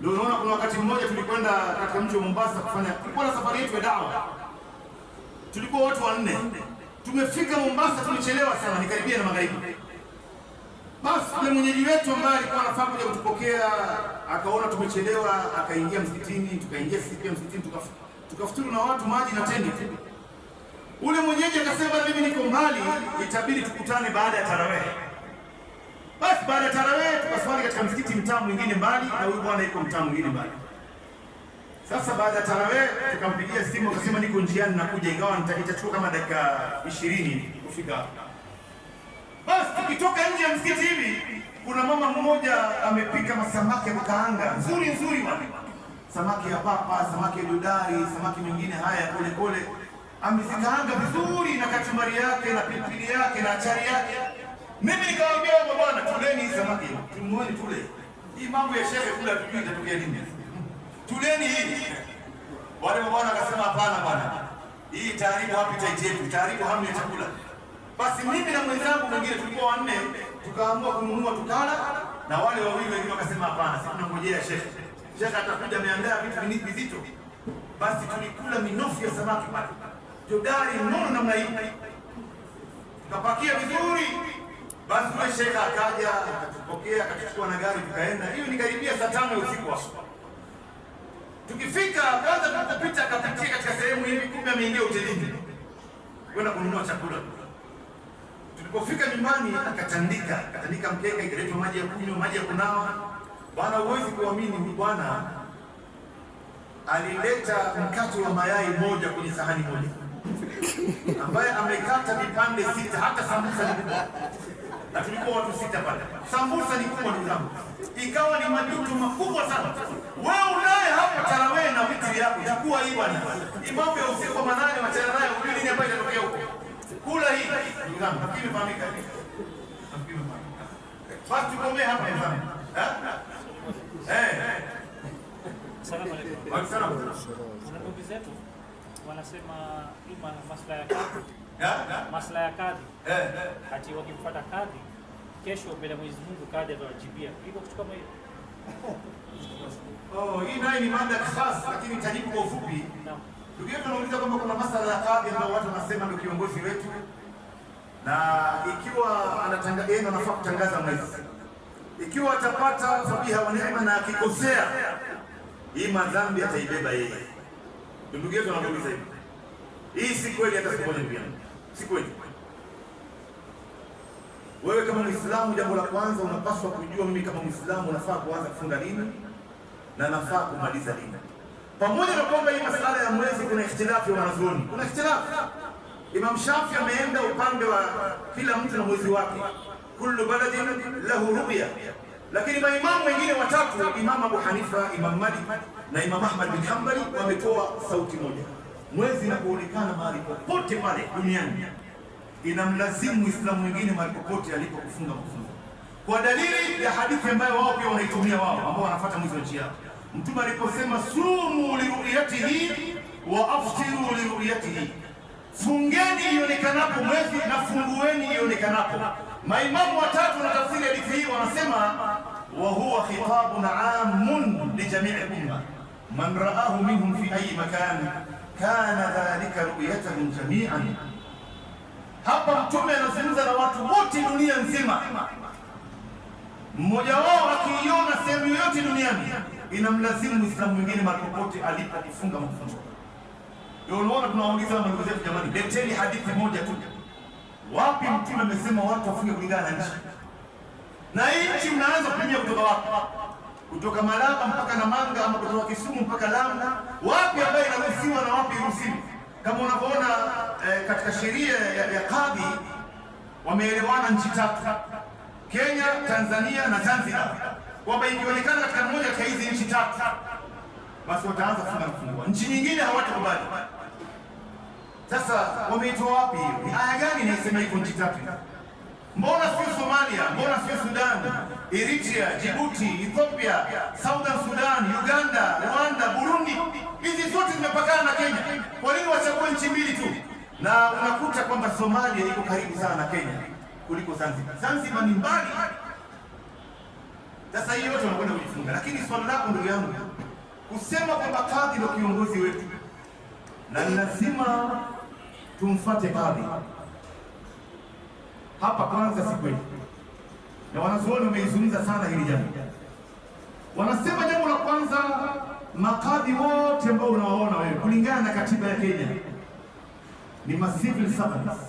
Ndio unaona kuna wakati mmoja tulikwenda katika mji wa Mombasa kufanya, tulikuwa na safari yetu ya dawa, tulikuwa watu wanne. Tumefika Mombasa tulichelewa sana, nikaribia na magharibi. Basi yule mwenyeji wetu ambaye alikuwa anafaa kuja kutupokea akaona tumechelewa, akaingia msikitini, tukaingia sisi msikitini, tukafuturu na watu maji na tende. Ule mwenyeji akasema, mimi niko mbali, itabidi tukutane baada ya tarawehe. Basi baada ya tarawih tukaswali katika msikiti mtaa mwingine mbali, na huyu bwana yuko mtaa mwingine mbali. Sasa baada ya tarawih tukampigia simu, akasema niko njiani nakuja, ingawa nitachukua kama dakika 20 kufika Basi tukitoka nje ya msikiti hivi, kuna mama mmoja amepika masamaki ya kukaanga nzuri nzuri wale. Samaki ya papa, samaki ya dudari, samaki mengine haya pole pole. Amezikaanga vizuri na kachumbari yake na pilipili yake na achari yake. Mimi nikamwambia kwa bwana, tuleni hii samaki. Tumuone tule. Hii mambo ya shehe kule tujue itatokea nini. Tuleni hii. Wale bwana akasema hapana bwana. Hii taarifa hapi taitetu, Taarifa hamu ya chakula. Basi mimi na mwenzangu mwingine tulikuwa wanne, tukaamua kununua tukala na wale wawili wengine wakasema hapana, sisi tunangojea shehe. Shehe atakuja ameandaa vitu vingi vizito. Basi tulikula minofu ya samaki pale. Jodari mnono namna hii. Tukapakia vizuri. Halafu yule shekha akaja akatupokea akatuchukua na gari tukaenda. Hiyo ni karibia saa tano ya usiku hapo. Tukifika kwanza tunapita akapitia katika sehemu hivi, kumbe ameingia hotelini kwenda kununua chakula. Tulipofika nyumbani akatandika, akatandika mkeka, ikaletwa maji ya kunywa, maji ya kunawa. Bwana, huwezi kuamini, bwana alileta mkate wa mayai moja kwenye sahani moja ambaye amekata vipande sita, hata sambusa na tulikuwa watu sita pale. Sambusa ni kubwa ndugu zangu, ikawa ni majuto makubwa sana. Wewe unaye hapa tarawehe na vitu vyako, chukua hii bwana, imambo ya usiku manane wa nayo, hujui nini hapa inatokea huko. Kula hii ndugu zangu, lakini fahamika hivi, Basi tukome hapa ya eh eh. Salamu alaykum. Wa alaykum salaam. Ndugu zetu wanasema ima maslahi yako Eh? maslahi ya kadhi eh, eh. ati wakimfuata kadhi kesho mbele ya Mwenyezi Mungu kadhi atawajibia. Iko kitu kama hiyo. Oh, hii nayo ni mada khas, lakini nitajibu kwa ufupi. Ndugu yetu anauliza kwamba kuna masala ya kadhi ambayo watu wanasema ndio kiongozi wetu, na ikiwa anatangaza yeye anafaa kutangaza mwezi, ikiwa atapata sabiha wa neema na akikosea hii madhambi ataibeba yeye. Ndugu yetu anauliza hivi, hii si kweli hata siku moja, ndugu yangu si kweli? Wewe kama Muislamu, jambo la kwanza unapaswa kujua, mimi kama Muislamu nafaa kuanza kufunga lini na nafaa kumaliza lini, pamoja na kwamba hii masala ya mwezi kuna ikhtilafu ya wanazuoni, kuna ikhtilafu. Imam Shafi ameenda upande wa kila mtu na mwezi wake, kullu baladin lahu ru'ya, lakini maimamu wengine watatu, Imam Abu Hanifa, Imam Malik na Imam Ahmad bin Hanbali wametoa sauti moja mwezi inapoonekana mahali popote pale duniani, inamlazimu Muislamu mwingine mahali popote alipo kufunga mafungo, kwa dalili ya hadithi ambayo wao pia wanaitumia wao ambao wanafuata mwezi wa nchi yao. Mtume aliposema sumu liruyatihi wa aftiru liruyatihi, fungeni ionekanapo mwezi na fungueni ionekanapo. Maimamu watatu na tafsiri hadithi hii wanasema wa huwa khitabun amun li jamii umma man raahu minhum fi ayi makan kana dhalika ruyatahum jamian. Hapa Mtume anazungumza na watu wote dunia nzima. Mmoja wao akiiona sehemu yoyote duniani inamlazimu mwislamu mwingine mahali popote alipo kufunga mfungo. Ndio unaona tunawauliza ndugu zetu, jamani, leteni hadithi moja tu, wapi Mtume amesema watu wafunge kulingana na nchi, na hii nchi mnaanza kupimia kutoka wapi? kutoka Malaba mpaka Namanga ama kutoka Kisumu mpaka Lamu, wapi ambaye inaruhusiwa na wapi ruhusiwi. Kama unavyoona eh, katika sheria ya, ya kadhi wameelewana nchi tatu Kenya, Tanzania na Zanzibar kwamba ikionekana katika mmoja katika hizi nchi tatu basi wataanza kufunga mfungwa, nchi nyingine hawatakubali. Sasa wameitoa wapi? Ni aya gani inasema hivyo nchi tatu? Mbona sio Somalia? Mbona sio Sudan? Eritrea, Djibouti, Ethiopia, Southern Sudan, Uganda, Rwanda, Burundi, hizi zote zimepakana na Kenya. Kwa nini wachague nchi mbili tu? Na unakuta kwamba Somalia iko karibu sana na Kenya kuliko Zanzibar. Zanzibar ni mbali. Sasa hiyo yote wanakwenda kujifunga, lakini swali lako ndugu yangu kusema kwamba kadhi ndio kiongozi wetu na lazima tumfuate kadhi hapa, kwanza si kweli na wanazuoni wameizungumza sana hili jambo. Wanasema jambo la kwanza, makadhi wote ambao unawaona wewe kulingana na katiba ya Kenya ni civil servants,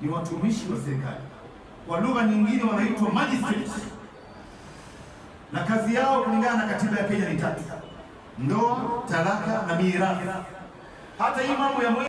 ni watumishi wa serikali, kwa lugha nyingine wanaitwa magistrate, na kazi yao kulingana na katiba ya Kenya ni tatu: ndoa, talaka na mirathi. Hata hii mambo ya